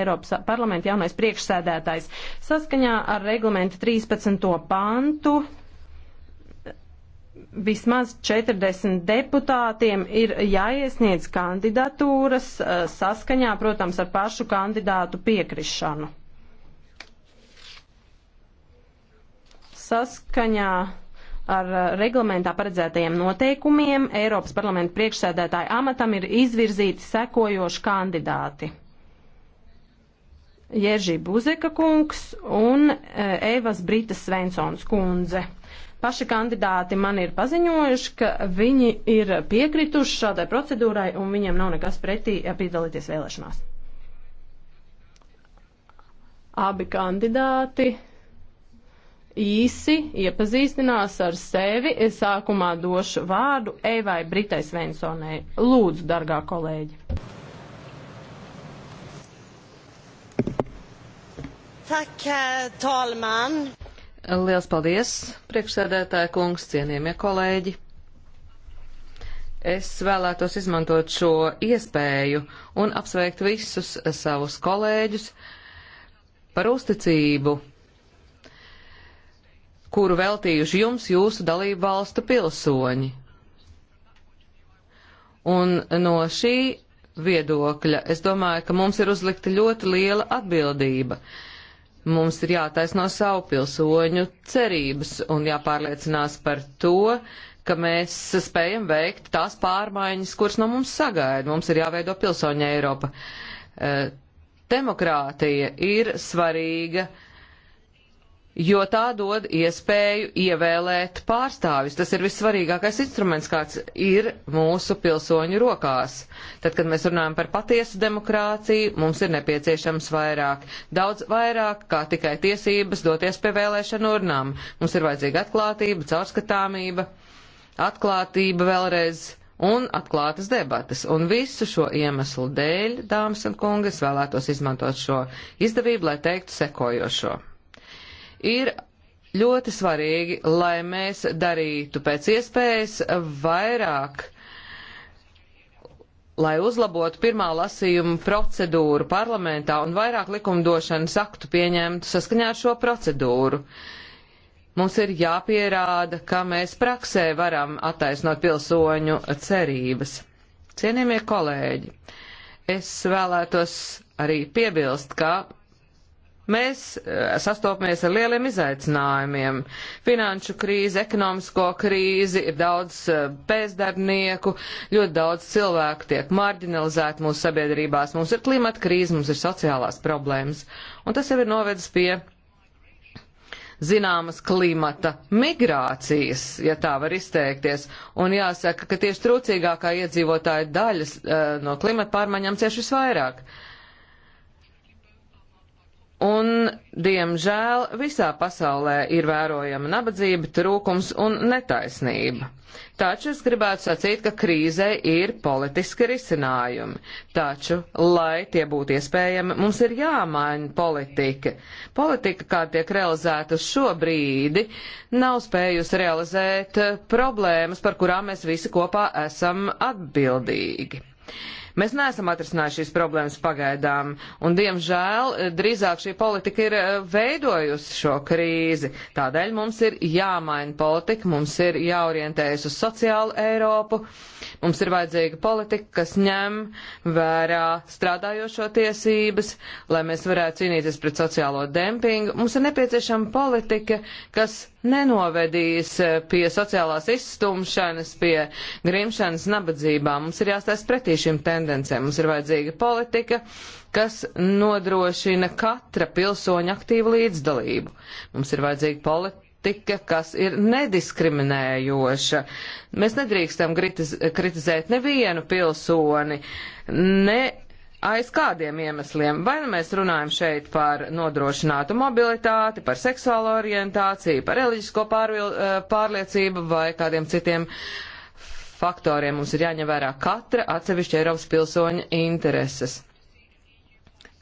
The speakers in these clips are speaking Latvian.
Eiropas parlamenta jaunais priekšsēdētājs. Saskaņā ar reglamentu 13. pantu vismaz 40 deputātiem ir jāiesniedz kandidatūras eh, saskaņā, protams, ar pašu kandidātu piekrišanu. Saskaņā ar eh, reglamentā paredzētajiem noteikumiem Eiropas parlamenta priekšsēdētāja amatam ir izvirzīti sekojoši kandidāti. Jeržī Buzeka kungs un Eivas Britas Svensons kundze. Paši kandidāti man ir paziņojuši, ka viņi ir piekrituši šādai procedūrai un viņiem nav nekas pretī e, piedalīties vēlēšanās. Abi kandidāti īsi iepazīstinās ar sevi. Es sākumā došu vārdu Eivai Britai Svensonai. Lūdzu, dargā kolēģi. Tak, talman! Liels paldies, priekšsēdētāja kungs, cienījamie kolēģi! Es vēlētos izmantot šo iespēju un apsveikt visus savus kolēģus par uzticību, kuru veltījuši jums jūsu dalību valstu pilsoņi. Un no šī viedokļa es domāju, ka mums ir uzlikta ļoti liela atbildība. Uh, Mums ir jātaisno savu pilsoņu cerības un jāpārliecinās par to, ka mēs spējam veikt tās pārmaiņas, kuras no mums sagaida. Mums ir jāveido pilsoņa Eiropa. Eh, demokrātija ir svarīga jo tā dod iespēju ievēlēt pārstāvis. Tas ir vissvarīgākais instruments, kāds ir mūsu pilsoņu rokās. Tad, kad mēs runājam par patiesu demokrātiju, mums ir nepieciešams vairāk, daudz vairāk, kā tikai tiesības doties pie vēlēšanu urnām. Mums ir vajadzīga atklātība, caurskatāmība, atklātība vēlreiz un atklātas debatas. Un visu šo iemeslu dēļ, dāmas un kungas, vēlētos izmantot šo izdevību, lai teiktu sekojošo ir ļoti svarīgi, lai mēs darītu pēc iespējas vairāk, lai uzlabotu pirmā lasījuma procedūru parlamentā un vairāk likumdošanas aktu pieņemtu saskaņā ar šo procedūru. Mums ir jāpierāda, ka mēs praksē varam attaisnot pilsoņu cerības. Cienījamie kolēģi, es vēlētos arī piebilst, ka Mēs e, sastopamies ar lieliem izaicinājumiem - finanšu krīzi, ekonomisko krīzi, ir daudz e, bezdarbnieku, ļoti daudz cilvēku tiek marginalizēti mūsu sabiedrībās, mums ir klimata krīze, mums ir sociālās problēmas, un tas jau ir novedis pie zināmas klimata migrācijas, ja tā var izteikties, un jāsaka, ka tieši trūcīgākā iedzīvotāja daļas e, no klimata pārmaiņām cieši visvairāk. vairāk. Un, diemžēl, visā pasaulē ir vērojama nabadzība, trūkums un netaisnība. Taču es gribētu sacīt, ka krīzē ir politiski risinājumi. Taču, lai tie būtu iespējami, mums ir jāmaina politika. Politika, kā tiek realizēta šobrīd, nav spējusi realizēt eh, problēmas, par kurām mēs visi kopā esam atbildīgi. Mēs neesam atrisinājuši šīs problēmas pagaidām, un diemžēl drīzāk šī politika ir eh, veidojusi šo krīzi. Tādēļ mums ir jāmaina politika, mums ir jāorientējas uz sociālu Eiropu, mums ir vajadzīga politika, kas ņem vērā strādājošo tiesības, lai mēs varētu cīnīties pret sociālo dempingu. Mums ir nepieciešama politika, kas nenovedīs eh, pie sociālās izstumšanas, pie grimšanas nabadzībā. Mums ir jāstāsta pretī šīm tendencēm. Mums ir vajadzīga politika, kas nodrošina katra pilsoņa aktīvu līdzdalību. Mums ir vajadzīga politika politika, kas ir nediskriminējoša. Mēs nedrīkstam kritiz kritizēt nevienu pilsoni, ne aiz kādiem iemesliem. Vai nu mēs runājam šeit par nodrošinātu mobilitāti, par seksuālo orientāciju, par reliģisko pārvil, eh, pārliecību vai kādiem citiem faktoriem. Mums ir jāņem vērā katra atsevišķa Eiropas pilsoņa intereses.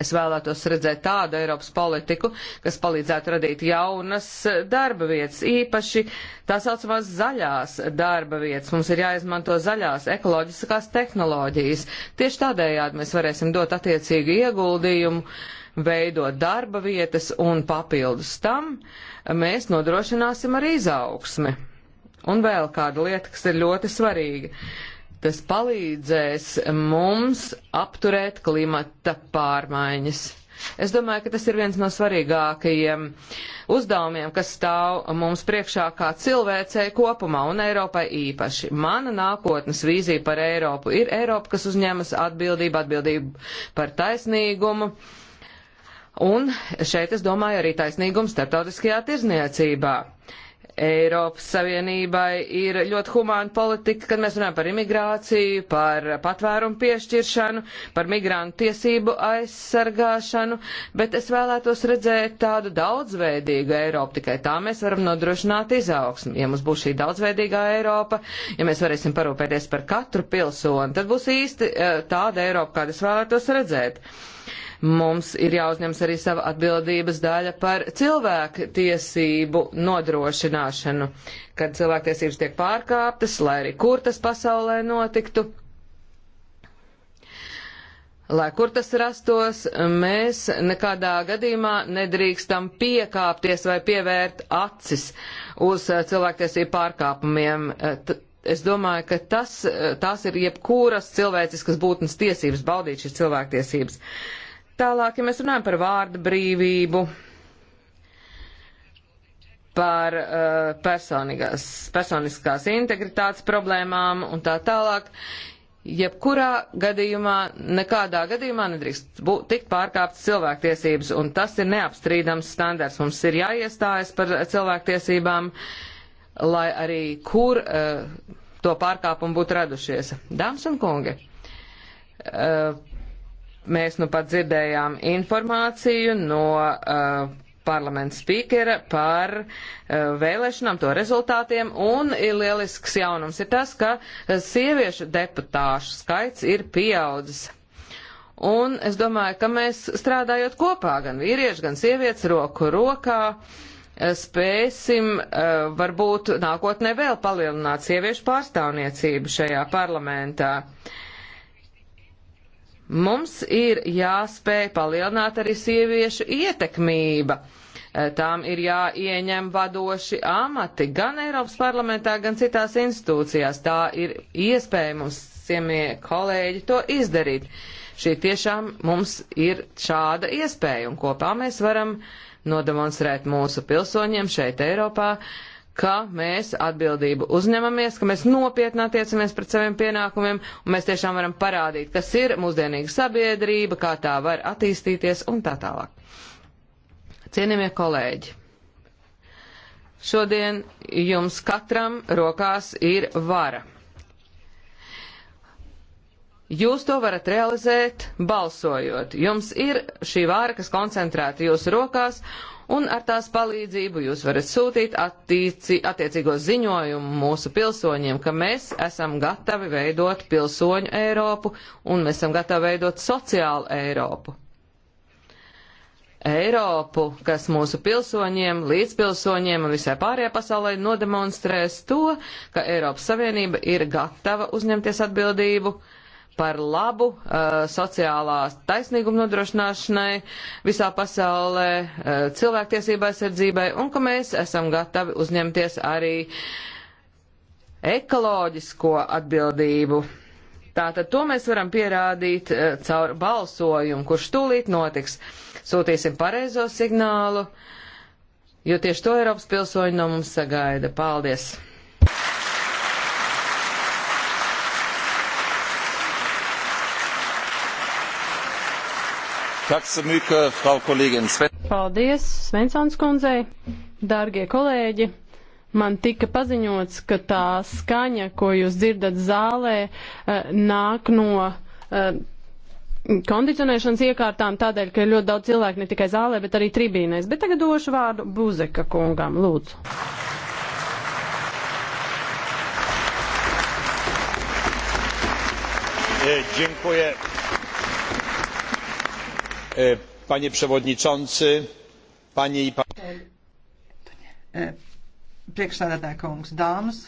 Es vēlētos redzēt tādu Eiropas politiku, kas palīdzētu radīt jaunas darba vietas, īpaši tā saucamās zaļās darba vietas. Mums ir jāizmanto zaļās ekoloģiskās tehnoloģijas. Tieši tādējādi mēs varēsim dot attiecīgu ieguldījumu, veidot darba vietas un papildus tam mēs nodrošināsim arī izaugsmi. Un vēl kāda lieta, kas ir ļoti svarīga tas palīdzēs mums apturēt klimata pārmaiņas. Es domāju, ka tas ir viens no svarīgākajiem uzdevumiem, kas stāv mums priekšā kā cilvēcei kopumā un Eiropai īpaši. Mana nākotnes vīzija par Eiropu ir Eiropa, kas uzņemas atbildību, atbildību par taisnīgumu. Un šeit es domāju arī taisnīgumu starptautiskajā tirzniecībā. Eiropas Savienībai ir ļoti humāna politika, kad mēs runājam par imigrāciju, par patvērumu piešķiršanu, par migrantu tiesību aizsargāšanu, bet es vēlētos redzēt tādu daudzveidīgu Eiropu. Tikai tā mēs varam nodrošināt izaugsmu. Ja mums būs šī daudzveidīgā Eiropa, ja mēs varēsim parūpēties par katru pilsoni, tad būs īsti eh, tāda Eiropa, kādu es vēlētos redzēt. Uh, Mums ir jāuzņems arī sava atbildības daļa par cilvēku tiesību nodrošināšanu, kad cilvēktiesības tiek pārkāptas, lai arī kur tas pasaulē notiktu. Lai kur tas rastos, mēs nekādā gadījumā nedrīkstam piekāpties vai pievērt acis uz eh, cilvēktiesību pārkāpumiem. Eh, es domāju, ka tas, eh, tās ir jebkuras cilvēciskas būtnes tiesības baudīt šīs cilvēktiesības. Uh, Tālāk, ja mēs runājam par vārdu brīvību, par uh, personiskās integritātes problēmām un tā tālāk, jebkurā gadījumā, nekādā gadījumā nedrīkst būt, tikt pārkāptas cilvēktiesības, un tas ir neapstrīdams standarts. Mums ir jāiestājas par cilvēktiesībām, lai arī kur uh, to pārkāpumu būtu radušies. Dāmas un kungi, uh, Mēs nu pat dzirdējām informāciju no uh, parlamenta spīkera par uh, vēlēšanām, to rezultātiem, un lielisks jaunums ir tas, ka uh, sieviešu deputāšu skaits ir pieaudzis. Un es domāju, ka mēs strādājot kopā, gan vīrieši, gan sievietes roku rokā, uh, spēsim uh, varbūt nākotnē vēl palielināt sieviešu pārstāvniecību šajā parlamentā. Uh, Mums ir jāspēj palielināt arī sieviešu ietekmība. Eh, tām ir jāieņem vadoši amati gan Eiropas parlamentā, gan citās institūcijās. Tā ir iespēja mums, ciemie kolēģi, to izdarīt. Šī tiešām mums ir šāda iespēja, un kopā mēs varam nodemonstrēt mūsu pilsoņiem šeit Eiropā, uh, ka mēs atbildību uzņemamies, ka mēs nopietni attiecamies pret saviem pienākumiem, un mēs tiešām varam parādīt, kas ir mūsdienīga sabiedrība, kā tā var attīstīties un tā tālāk. Cienījamie kolēģi! Šodien jums katram rokās ir vara. Jūs to varat realizēt balsojot. Jums ir šī vāra, kas koncentrēta jūsu rokās, un ar tās palīdzību jūs varat sūtīt attieci, attiecīgo ziņojumu mūsu pilsoņiem, ka mēs esam gatavi veidot pilsoņu Eiropu un mēs esam gatavi veidot sociālu Eiropu. Eiropu, kas mūsu pilsoņiem, līdzpilsoņiem un visai pārējā pasaulē nodemonstrēs to, ka Eiropas Savienība ir gatava uzņemties atbildību uh, par labu uh, sociālās taisnīguma nodrošināšanai visā pasaulē, uh, cilvēktiesība aizsardzībai un ka mēs esam gatavi uzņemties arī ekoloģisko atbildību. Tātad to mēs varam pierādīt uh, caur balsojumu, kurš tūlīt notiks. Sūtīsim pareizo signālu, jo tieši to Eiropas pilsoņi no mums sagaida. Paldies! Paldies Svensons kundzei, dārgie kolēģi. Man tika paziņots, ka tā skaņa, ko jūs dzirdat zālē, eh, nāk no eh, kondicionēšanas iekārtām, tādēļ, ka ir ļoti daudz cilvēku ne tikai zālē, bet arī tribīnēs. Bet tagad došu vārdu Buzeka kungam, lūdzu. Eh, dziękuję. E, panie Przewodniczący, Panie i Panie. Priekšsēdētāji kungs, dāmas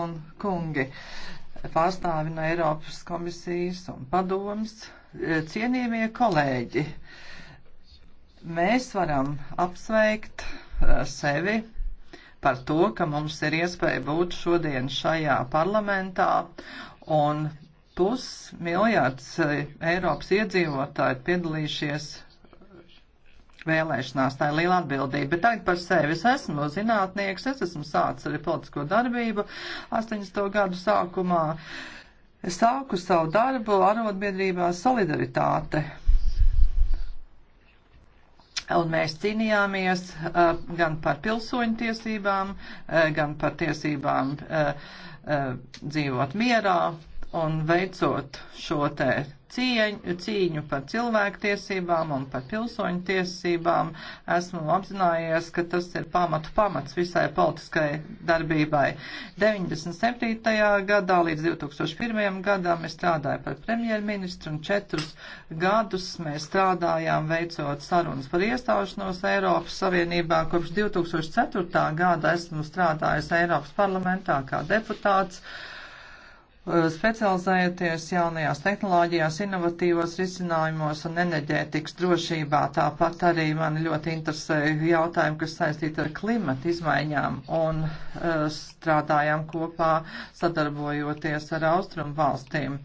un kungi, pārstāvi no Eiropas komisijas un padomas, e, cienījamie kolēģi, mēs varam apsveikt e, sevi par to, ka mums ir iespēja būt šodien šajā parlamentā un pus miljārds eh, Eiropas iedzīvotāji piedalījušies vēlēšanās, tā ir liela atbildība. Bet tagad par sevi es esmu zinātnieks, es esmu sācis arī politisko darbību 80. gadu sākumā. Es sāku savu darbu arotbiedrībā Solidaritāte. Un mēs cīnījāmies uh, gan par pilsoņu tiesībām, uh, gan par tiesībām uh, uh, dzīvot mierā, un veicot šo te cieņu, cīņu par cilvēktiesībām un par pilsoņu tiesībām, esmu apzinājies, ka tas ir pamatu pamats visai politiskai darbībai. 97. gadā līdz 2001. gadam es strādāju par premjerministru un četrus gadus mēs strādājām veicot sarunas par iestāšanos Eiropas Savienībā. Kopš 2004. gada esmu strādājis Eiropas parlamentā kā deputāts. Uh, Uh, specializējoties jaunajās tehnoloģijās, inovatīvos risinājumos un enerģētikas drošībā. Tāpat arī mani ļoti interesē jautājumi, kas saistīti ar klimata izmaiņām un uh, strādājām kopā sadarbojoties ar austrumu valstīm.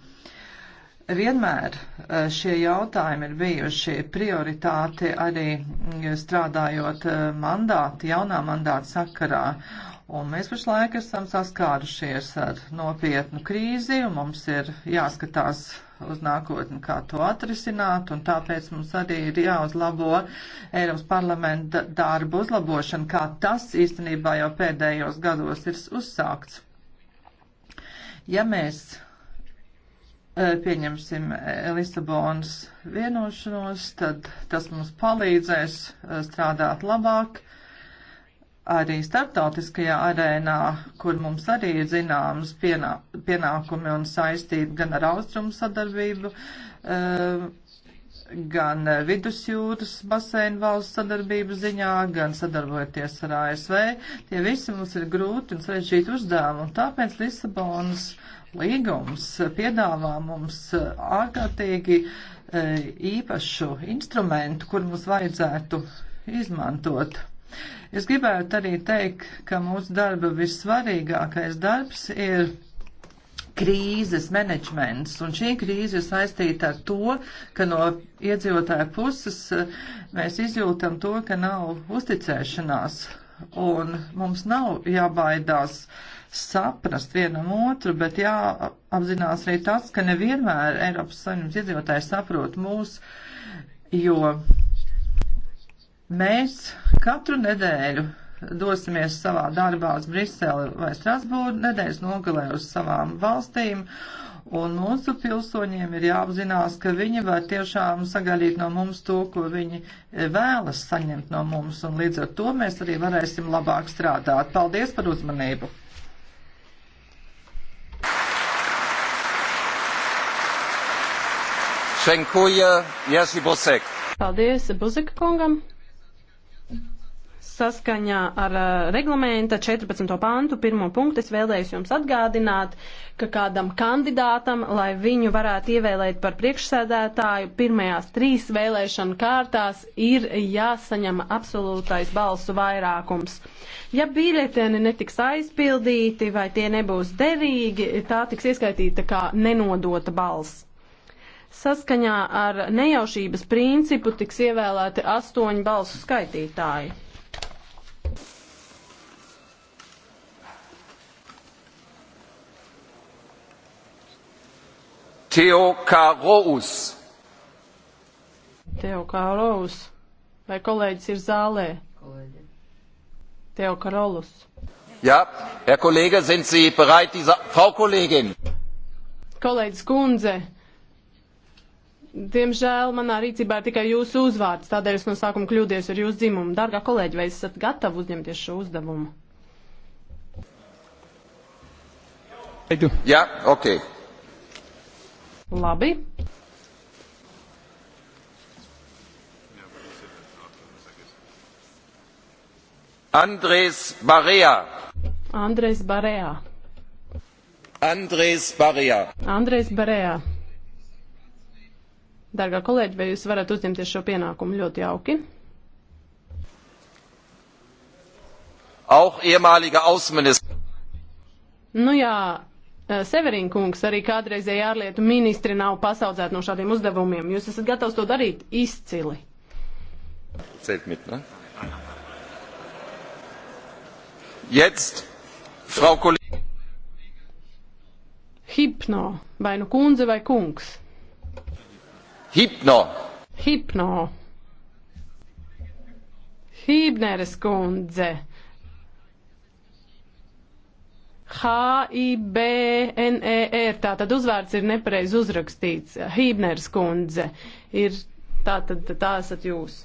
Vienmēr e, šie jautājumi ir bijuši prioritāti arī strādājot e, mandāti, jaunā mandāta sakarā. Un mēs pašlaik esam saskārušies ar nopietnu krīzi, un mums ir jāskatās uz nākotni, kā to atrisināt, un tāpēc mums arī ir jāuzlabo Eiropas parlamenta darbu uzlabošana, kā tas īstenībā jau pēdējos gados ir uzsākts. Ja mēs Eh, pieņemsim eh, Lisabonas vienošanos, tad tas mums palīdzēs eh, strādāt labāk arī starptautiskajā arēnā, kur mums arī ir zināmas pienā, pienākumi un saistība gan ar austrumu sadarbību, gan vidusjūras basēnu valsts sadarbību ziņā, gan sadarbojoties ar ASV. Tie visi mums ir grūti un sarežģīti uzdevumi, un tāpēc Lisabonas Līgums piedāvā mums e, ārkārtīgi e, īpašu instrumentu, kur mums vajadzētu izmantot. Es gribētu arī teikt, ka mūsu darba vissvarīgākais darbs ir krīzes menedžments, un šī krīze ir saistīta ar to, ka no iedzīvotāja puses e, mēs izjūtam to, ka nav uzticēšanās, un mums nav jābaidās uh, saprast vienam otru, bet jāapzinās arī tas, ka nevienmēr Eiropas Savienības iedzīvotāji saprot mūs, jo mēs katru nedēļu dosimies savā darbā uz Briseli vai Strasbūru, nedēļas nogalē uz savām valstīm, un mūsu pilsoņiem ir jāapzinās, ka viņi var tiešām sagaidīt no mums to, ko viņi vēlas saņemt no mums, un līdz ar to mēs arī varēsim labāk strādāt. Paldies par uzmanību! Čenkuja Ježi Buzek. Paldies Buzeka kungam. Saskaņā ar eh, reglamenta 14. pantu pirmo punktu es vēlējos jums atgādināt, ka kādam kandidātam, lai viņu varētu ievēlēt par priekšsēdētāju, pirmajās trīs vēlēšana kārtās ir jāsaņem absolūtais balsu vairākums. Ja biļeteni netiks aizpildīti vai tie nebūs derīgi, tā tiks ieskaitīta kā nenodota balss. Saskaņā ar nejaušības principu tiks ievēlēti astoņu balsu skaitītāji. Teokārous. Teokārous. Vai kolēģis ir zālē? Kolēģi. Teokarolus. Jā, ja, Herr Kollege, sind Sie bereit, diese Frau Kollegin? Kolēģis Kunze, Diemžēl manā rīcībā ir tikai jūsu uzvārds, tādēļ es no sākuma kļūdījos ar jūsu dzimumu. Dārgā kolēģi, vai esat gatavi uzņemties šo uzdevumu? Jā, ja, ok. Labi. Andrēs Barējā. Andrēs Barējā. Andrēs Barējā. Andrēs Barējā. Dargā kolēģi, vai jūs varat uzņemties šo pienākumu ļoti jauki? Auch ehemalige Außenminister. Nu jā, eh, Severīna kungs, arī kādreizēja ārlietu ministri nav pasaudzēti no šādiem uzdevumiem. Jūs esat gatavs to darīt izcili. Zelt mit, ne? Jetzt, Frau Kollegin. Hipno, vai nu kundze vai kungs? Hipno. Hipno. Hībneres kundze. H-I-B-N-E-R. Tātad uzvārds ir nepareiz uzrakstīts. Hībneres kundze. Ir tātad tā esat jūs.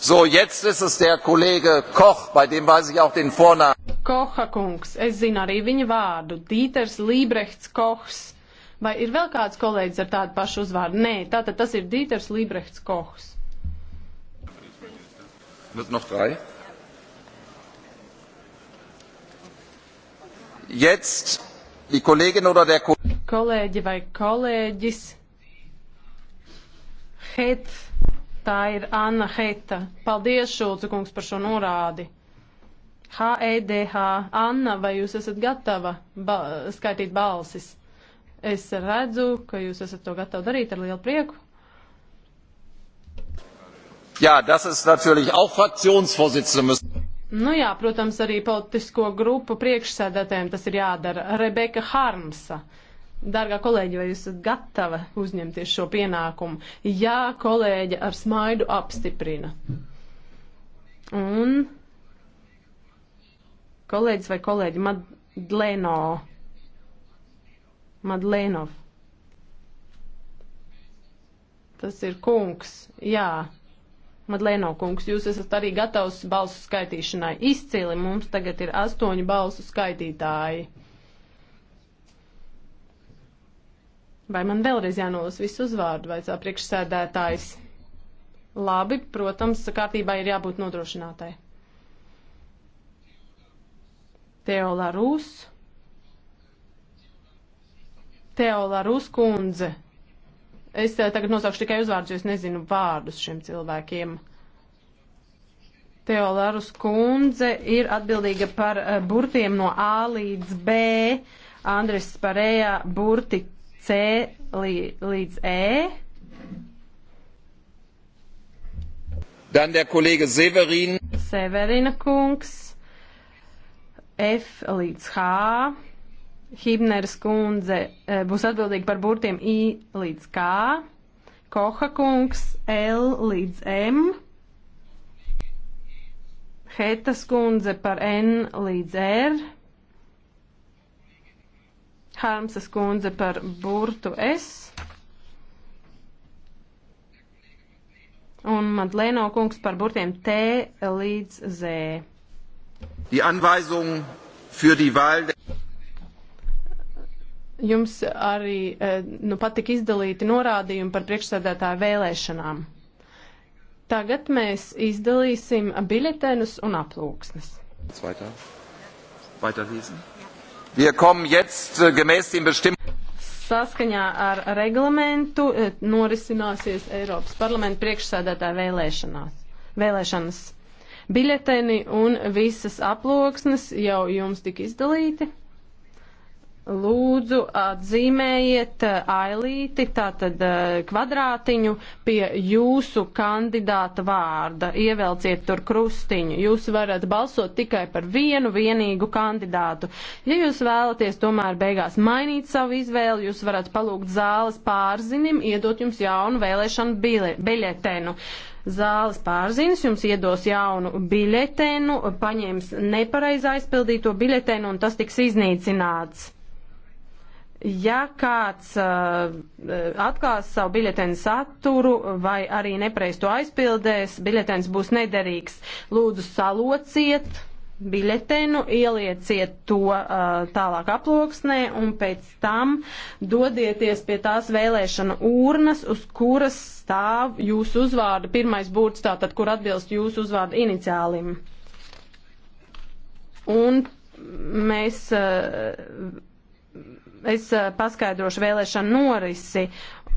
So, jetzt ist es der Kollege Koch, bei dem weiß ich auch den Vornamen. Koha kungs, es zinu arī viņa vārdu, Dīters Lībrechts Kohs. Vai ir vēl kāds kolēģis ar tādu pašu uzvārdu? Nē, tātad tas ir Dīters Lībrechts Kohs. Wird noch drei? Jetzt die Kollegin oder der Ko Kollege vai kolēģis Het, tā ir Anna Heta. Paldies, Šulca kungs, par šo norādi. HEDH. E Anna, vai jūs esat gatava ba skaitīt balsis? Es redzu, ka jūs esat to gatavi darīt ar lielu prieku. Jā, das ist natürlich auch Fraktionsvorsitzende müssen. Nu jā, protams, arī politisko grupu priekšsēdētājiem tas ir jādara. Rebeka Harmsa. Dārgā kolēģi, vai jūs esat gatava uzņemties šo pienākumu? Jā, kolēģi ar smaidu apstiprina. Un kolēģis vai kolēģi Madlēno. Madlēnov. Tas ir kungs, jā. Madlēno kungs, jūs esat arī gatavs balsu skaitīšanai. Izcili mums tagad ir astoņi balsu skaitītāji. Vai man vēlreiz jānolas visu uzvārdu, vai tā priekšsēdētājs? Labi, protams, kārtībā ir jābūt nodrošinātai. Teola Rūs. Teola Rūs kundze. Es eh, tagad nosaukšu tikai uzvārdus, jo es nezinu vārdus šiem cilvēkiem. Teolarus kundze ir atbildīga par eh, burtiem no A līdz B, Andres Sparējā burti C līdz E. Dan der kolēģe Severin. Severina kungs. F līdz H. Hibners kundze e, būs atbildīga par burtiem I līdz K, Koha kungs L līdz M, Hetas kundze par N līdz R, Harmsas kundze par burtu S un Madlēno kungs par burtiem T līdz Z. Die Anweisungen für die Wahl der Jums arī e, nu, patika izdalīti norādījumi par priekšsēdētāju vēlēšanām. Tagad mēs izdalīsim biļetenus un aplūksnes. Zweitā. Weiterlesen. Wir kommen jetzt äh, gemäß den bestimmten saskaņā ar reglamentu e, norisināsies Eiropas parlamenta priekšsēdētāja vēlēšanās. vēlēšanas. Biļeteni un visas aploksnes jau jums tika izdalīti. Lūdzu, atzīmējiet eh, ailīti, tātad eh, kvadrātiņu pie jūsu kandidāta vārda. Ievelciet tur krustiņu. Jūs varat balsot tikai par vienu vienīgu kandidātu. Ja jūs vēlaties tomēr beigās mainīt savu izvēli, jūs varat palūgt zāles pārzinim, iedot jums jaunu vēlēšanu biļetenu. Bile zāles pārziņas, jums iedos jaunu biļetenu, paņems nepareiz aizpildīto biļetenu un tas tiks iznīcināts. Ja kāds uh, atklās savu biļetenu saturu vai arī nepareiz to aizpildēs, biļetens būs nederīgs. Lūdzu, salociet! biļetenu, ielieciet to uh, tālāk aploksnē un pēc tam dodieties pie tās vēlēšana urnas, uz kuras stāv jūsu uzvārda pirmais būrts, tātad kur atbilst jūsu uzvārda iniciālim. Un mēs, uh, es uh, paskaidrošu vēlēšanu norisi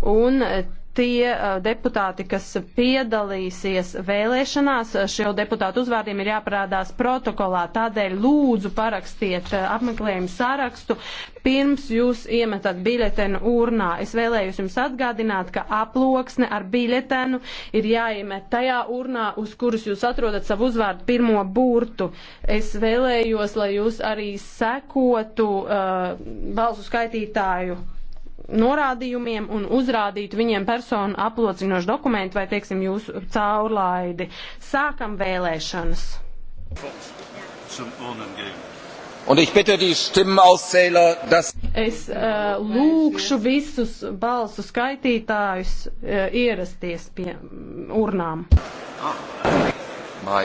un e, tie uh, deputāti, kas piedalīsies vēlēšanās, e, šo deputātu uzvārdiem ir jāparādās protokolā. Tādēļ lūdzu parakstiet uh, apmeklējumu sārakstu pirms jūs iemetat biļetenu urnā. Es vēlējos jums atgādināt, ka aploksne ar biļetenu ir jāiemet tajā urnā, uz kuras jūs atrodat savu uzvārdu pirmo burtu. Es vēlējos, lai jūs arī sekotu uh, balsu skaitītāju norādījumiem un uzrādītu viņiem personu aplocinošu dokumentu vai, teiksim, jūsu caurlaidi. Sākam vēlēšanas. Un ich bitte die Stimmenauszähler, dass. Es uh, lūkšu visus balsu skaitītājus uh, ierasties pie urnām. Ah. Mai.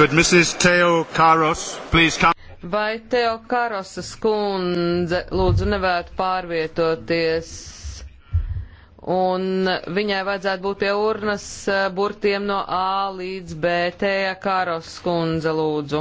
Could Mrs. Teo Karos please come? Vai Teo Karosas kundze lūdzu nevētu pārvietoties? Un viņai vajadzētu būt pie urnas eh, burtiem no A līdz B. Teo Karos kundze lūdzu.